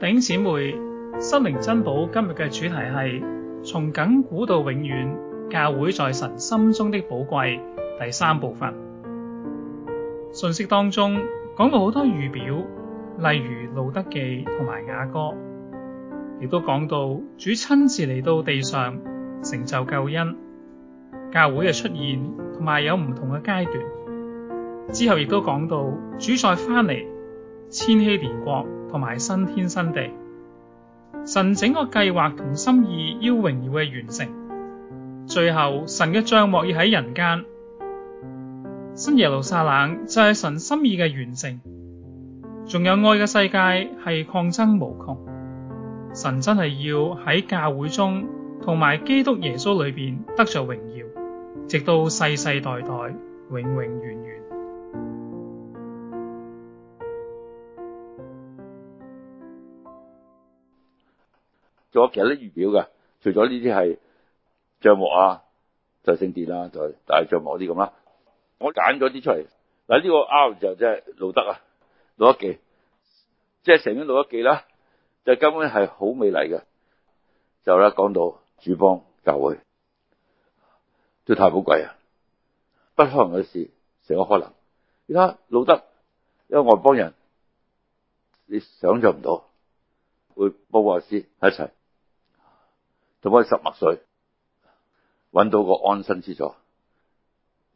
弟兄姊妹，心靈珍寶今日嘅主題是從亙古到永遠教會，在神心中的寶貴第三部分。信息當中講到好多預表，例如路得記同埋雅歌，亦都講到主親自嚟到地上成就救恩，教會嘅出現同埋有唔同嘅階段。之後亦都講到主再翻嚟千禧年國。同埋新天新地，神整個計劃同心意要榮耀嘅完成。最後，神嘅帳幕要喺人間。新耶路撒冷就係神心意嘅完成。仲有愛嘅世界係抗爭無窮，神真係要喺教會中同埋基督耶穌裏邊得着榮耀，直到世世代代永永遠遠。做其實啲預表嘅，除咗呢啲係帳幕啊，就聖殿啦，就是、大帳幕啲咁啦。我揀咗啲出嚟。嗱，呢個 R 就即係路得啊，路得記，即係成日路得記啦，就是啊就是、根本係好美麗嘅。就啦，講到主邦教會都太寶貴啊，不可能嘅事成個可能。而家路得因為外邦人，你想像唔到會波阿斯一齊。就可以十墨水揾到個安身之處。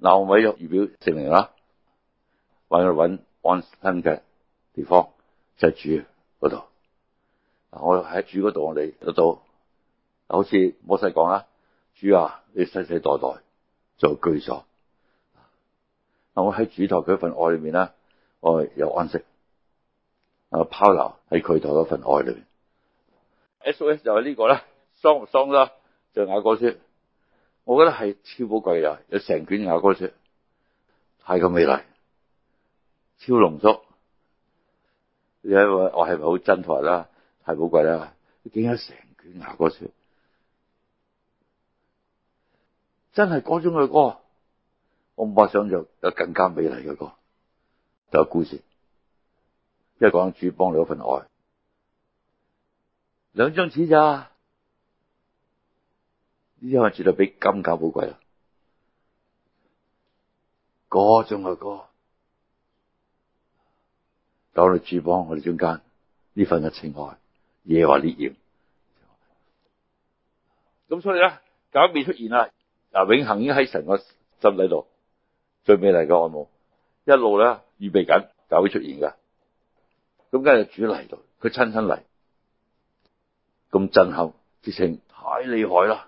亞米約預表證明啦，喺去揾安身嘅地方，就係、是、主嗰度。我喺主嗰度，我哋得到好似冇細講啦，主啊，你世世代代做居所。嗱，我喺主台佢份愛裏面啦，我又安息啊，拋留喺佢台嗰份愛裏面。S.O.S 就係呢、這個啦。爽唔爽啦？就雅歌書，我覺得係超寶貴嘅，有成卷雅歌書，太咁美麗，超濃縮。你睇我係咪好珍藏啦？太寶貴啦！竟然有成卷雅歌書，真係嗰種嘅歌，我唔怕想象有更加美麗嘅歌，就係、是、故事，即係講主幫你嗰份愛，兩張紙咋？因為絕對比金價寶貴啦，嗰種個歌，講到住房，我哋中間呢份嘅情愛，夜話烈焰咁，所以咧改變出現啦。嗱，永恒已經喺神個心底度最美麗嘅愛慕，一路咧預備緊就會出現噶。咁跟住主嚟到，佢親身嚟，咁震撼、直情太厲害啦！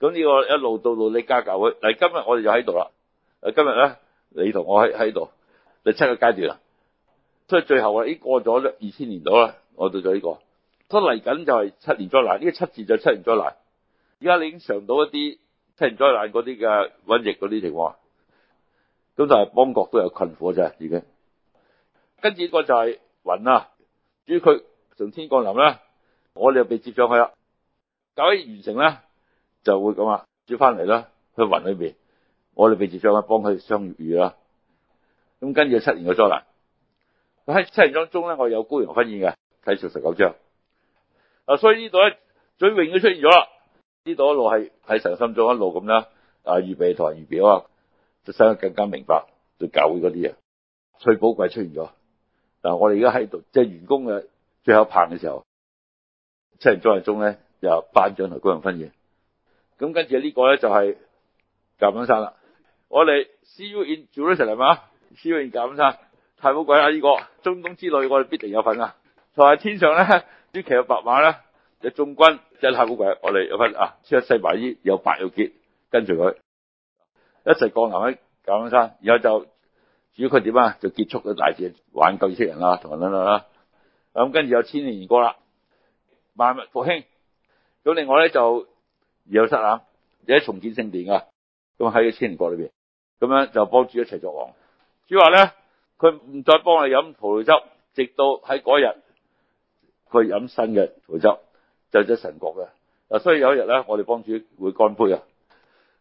咁呢個一路到路你加教會。嗱今日我哋就喺度啦。今日咧，你同我喺喺度，第七個階段啦。所以最後呢已經過咗咗二千年到啦，我到咗呢個。咁嚟緊就係七年災難，呢個七字就七年災難。而家你已經嘗到一啲七年災難嗰啲嘅瘟疫嗰啲情況，咁但係邦國都有困苦啫。已經。跟住呢個就係雲啊，至於佢從天降臨啦，我哋又被接上去啦，教可完成啦就會咁啊，接翻嚟啦，去雲裏邊。我哋被接將啊幫佢相遇啦。咁跟住七年嘅災難，喺七年當中咧，我有羔羊婚宴嘅，睇住十九章。啊，所以呢度咧最榮嘅出現咗啦。呢度一路係喺神心中一路咁啦。啊，預備同人預表啊，就使得更加明白對教會嗰啲嘢，最寶貴出現咗。嗱，我哋而家喺度即係員工嘅最後棒嘅時候，七年災難中咧又頒獎同羔羊婚宴。咁跟住呢個呢，就係橄欖山啦。我哋 C U in Jerusalem 係嘛？C U in 橄欖山，太寶貴啦，啊這個！呢個中東之類，我哋必定有份啊。同埋天上呢，啲騎著白馬呢，就眾軍即係、就是、太寶貴，我哋有份啊！穿細白衣，又白又潔，跟住佢一齊降臨喺橄欖山，然後就主要佢點呀？就結束咗大戰，挽救以色列人啦，啊。同埋人哋啦，咁跟住有千年歌啦，萬物復興。咁另外呢，就。有失眼，而喺重建聖殿噶，咁喺個千年國裏邊，咁樣就幫主一齊作王。主話咧，佢唔再幫我哋飲葡萄汁，直到喺嗰日佢飲新嘅葡萄汁就喺神國嘅。所以有一日咧，我哋幫主會乾杯啊！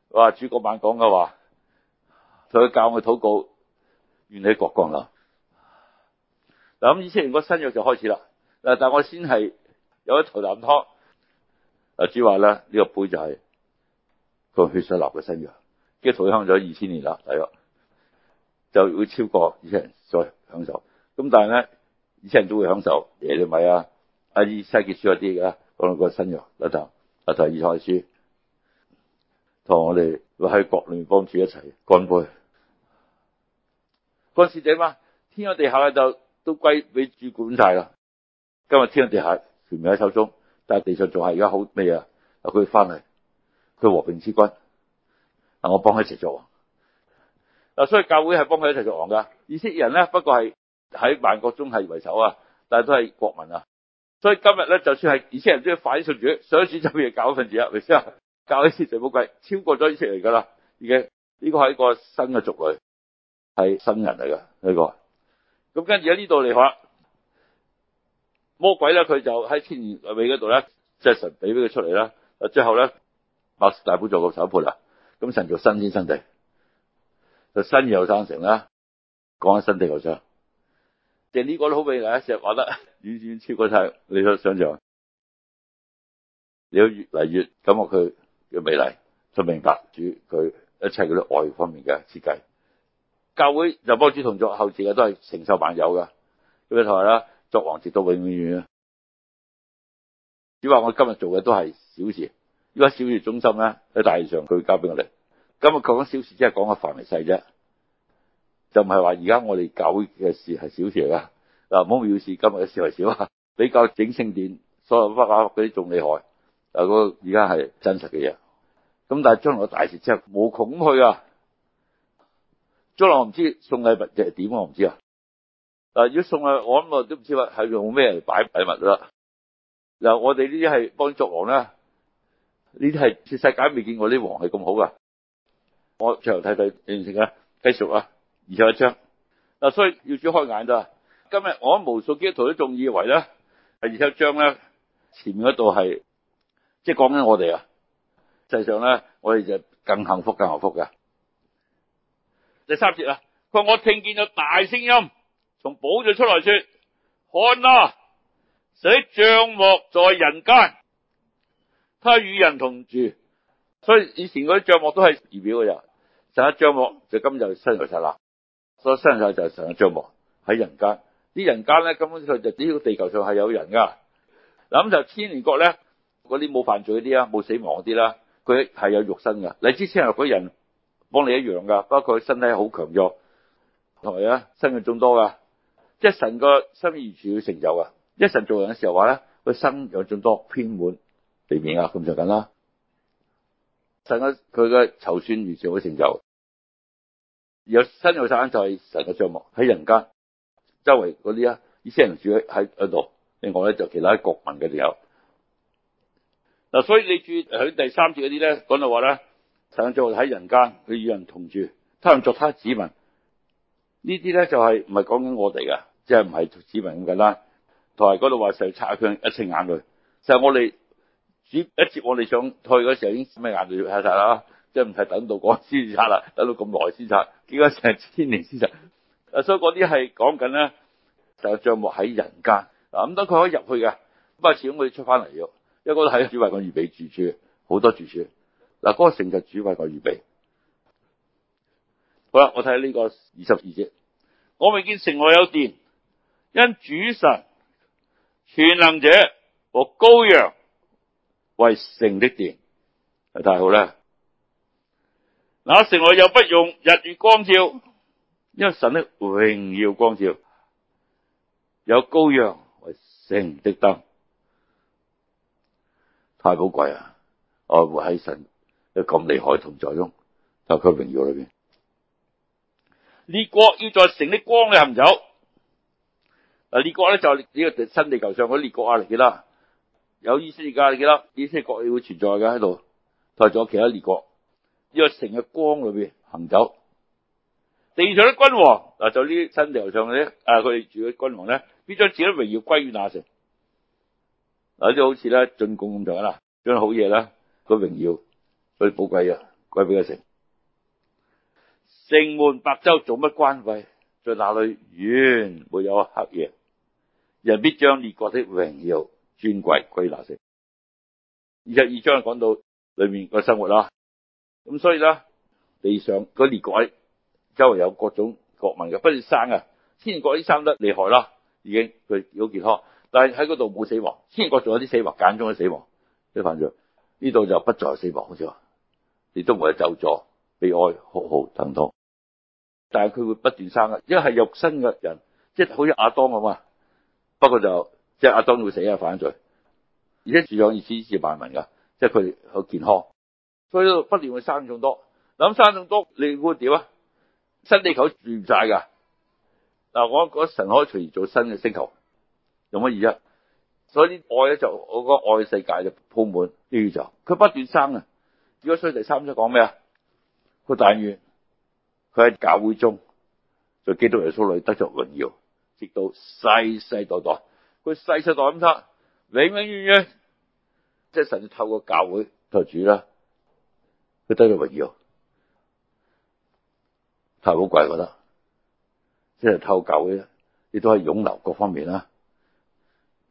哇，主國版講嘅話，佢教我禱告，願你國降臨嗱。咁千年國個新約就開始啦嗱，但係我先係有啲桃林湯。阿主話咧，呢個杯就係個血水立嘅新約，跟住退休咗二千年啦，大約就會超過以前人再享受。咁但係咧，以前人都會享受耶利米啊、阿、啊、以西結書嗰啲㗎。講到個新約，阿豆、阿頭二菜書同我哋會喺國聯幫處一齊乾杯。嗰事者嘛，天上地下就都歸俾主管晒啦。今日天上地下全面喺手中。但係地上做係而家好咩呀？啊？佢翻嚟，佢和平之君。嗱，我幫佢一齊做。嗱，所以教會係幫佢一齊做王噶以色列人咧，不過係喺萬國中係為首啊，但係都係國民啊。所以今日咧，就算係以色列人都要反信主，想以先執住搞份分子啊，係咪先啊？教會係最寶貴，超過咗以前嚟噶啦，已經呢個係一個新嘅族類，係新人嚟噶呢個。咁跟住喺呢度嚟講。魔鬼咧，佢就喺千年尾嗰度咧，即係神俾俾佢出嚟啦。啊，最後咧，白色大寶座嘅審判啦。咁神做新天新地，就新而又生成啦。講緊新地舊章，即係呢個都好美麗，成日畫得遠遠超過晒你所想象。你都越嚟越感覺佢嘅美麗，就明白主佢一切嗰啲外方面嘅設計。教會就幫主同作後嗣嘅都係承受萬有噶，咁樣同埋啦。王直到永遠啦。只話我今日做嘅都係小事，如果小事中心咧喺大上，佢交俾我哋。今日講緊小事，即係講個範圍細啫，就唔係話而家我哋搞嘅事係小事嚟噶。嗱、啊，唔好藐視今日嘅事為少啊，比較整聖殿、所有不雅嗰啲仲厲害。誒、啊，嗰、嗰個而家係真實嘅嘢。咁但係將來嘅大事即係冇恐去啊！將來我唔知送禮物就係點，我唔知啊。嗱，如果送去，我諗我都唔知話係用咩嚟擺禮物啦。嗱，我哋呢啲係幫啲作王啦，呢啲係全世界未見過啲王係咁好噶。我再睇睇，完成啊，繼續啊，二十一章。嗱，所以要開眼啦。今日我喺無數基督徒都仲以為咧，第二十一章咧，前面嗰度係即係講緊我哋啊。實際上咧，我哋就更幸福、更幸福噶。第三節啊，佢話我聽見咗大聲音。從寶座出來說，看哪，神嘅帳幕在人間，他與人同住，所以以前嗰啲帳幕都係儀表嘅啫。就一帳幕就今日新在刹啦，所以身在就成一帳幕喺人間。啲人間咧根本上就只係地球上係有人噶。嗱咁就千年國咧，嗰啲冇犯罪嗰啲啊，冇死亡嗰啲啦，佢係有肉身噶。你知，千年國嘅人幫你一樣噶，包括佢身體好強壯，同埋啊，生育眾多噶。即係神個心意完全去成就啊！一神做人嘅時候話咧，佢生有眾多遍滿地面啊，咁就緊啦。神嘅佢嘅籌算完全去成就，的的有，的的成就而有新有生就係神嘅帳幕，喺人間周圍嗰啲啊，呢些人住喺喺度，另外咧就其他國民嘅時候。嗱，所以你注意喺第三節嗰啲咧，講到話咧，神作喺人間，佢與人同住，他用作他子民這些呢啲咧就係唔係講緊我哋噶。即係唔係指紋咁簡單，台嗰度話成日擦佢一清眼淚，就係我哋接一接我哋想退嗰時候已經咩眼淚擦晒啦，即係唔係等到嗰時先擦啦，等到咁耐先擦，結果成千年先擦，啊所以嗰啲係講緊咧，就帳幕喺人間嗱，咁等佢可以入去嘅，咁啊始終會出翻嚟嘅，因為嗰度係主為我預備住處，好多住處，嗱、那、嗰個城就主為我預備，好啦，我睇下呢個二十二節，我未見城內有殿。因主神全能者和羔羊為城的殿，太好啦！嗱，城內又不用日月光照，因為神的榮耀光照，有羔羊為城的燈，太寶貴啊！我活喺神嘅咁厲害同在中，就喺榮耀裡邊。列國要在城的光裡行走。嗱，列國咧，就呢個新地球上嗰列國啊嚟嘅啦，有意思噶，嚟嘅啦，意思係國係會存在嘅喺度，同埋仲有其他列國，呢個城嘅光裡邊行走，地上的君王嗱，就呢新地球上嗰啲啊，佢哋住嘅君王咧，必將自己榮耀歸於那城。嗱即係好似咧，進貢咁就啦，將好嘢啦，個榮耀，佢寶貴嘅，歸俾個城。城門白晝做乜關閉？在那裡原沒有黑夜，人必將列國的榮耀、尊貴歸與那城。二十二章講到裡面個生活啦。咁所以咧，地上個列國周圍有各種國民嘅，不如生啊！先國啲生得厲害啦，已經佢好健康，但係喺嗰度冇死亡，先國仲有啲死亡，間中嘅死亡即係犯罪，呢度就不再死亡。好似話，你都唔會走咗，悲哀、哭號、疼痛。但係佢會不斷生嘅，因為係肉身嘅人，即係好似阿當咁嘛。不過就即係阿當會死啊，犯罪，而且住咗醫治萬民噶，即係佢好健康，所以都不斷會生咁多。諗咁生咁多，你會點啊？新地球住唔晒噶。嗱，我講神可以隨意做新嘅星球，有乜嘢啊？所以愛咧就我講愛世界就鋪滿、這個、宇宙，佢不斷生啊。如果所以第三出講咩啊？個大願。佢喺教會中，就基督耶穌裡得着榮耀，直到世世代代。佢世世代咁差，永永遠遠，即係神透過教會，就主啦，佢得咗榮耀，太好貴啦，即係透過教會，亦都係湧流各方面啦，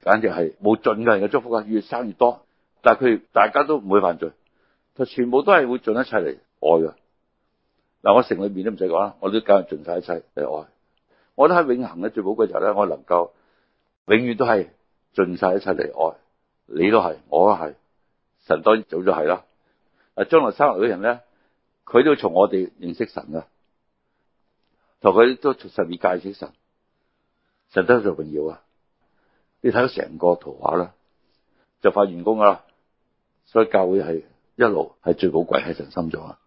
簡直係冇盡嘅人嘅祝福啊，越生越多。但係佢大家都唔會犯罪，就全部都係會盡一切嚟愛嘅。但我城裏面都唔使講啦，我都教人盡晒一切嚟愛。我覺得喺永恒嘅最寶貴時候，咧，我能夠永遠都係盡晒一切嚟愛你都係，我都係神當然早就係啦。啊將來生落嚟嘅人咧，佢都從我哋認識神嘅，同佢都從神而介紹神，神真最榮耀啊！你睇到成個圖畫啦，就快完工啦，所以教會係一路係最寶貴喺神心中啊！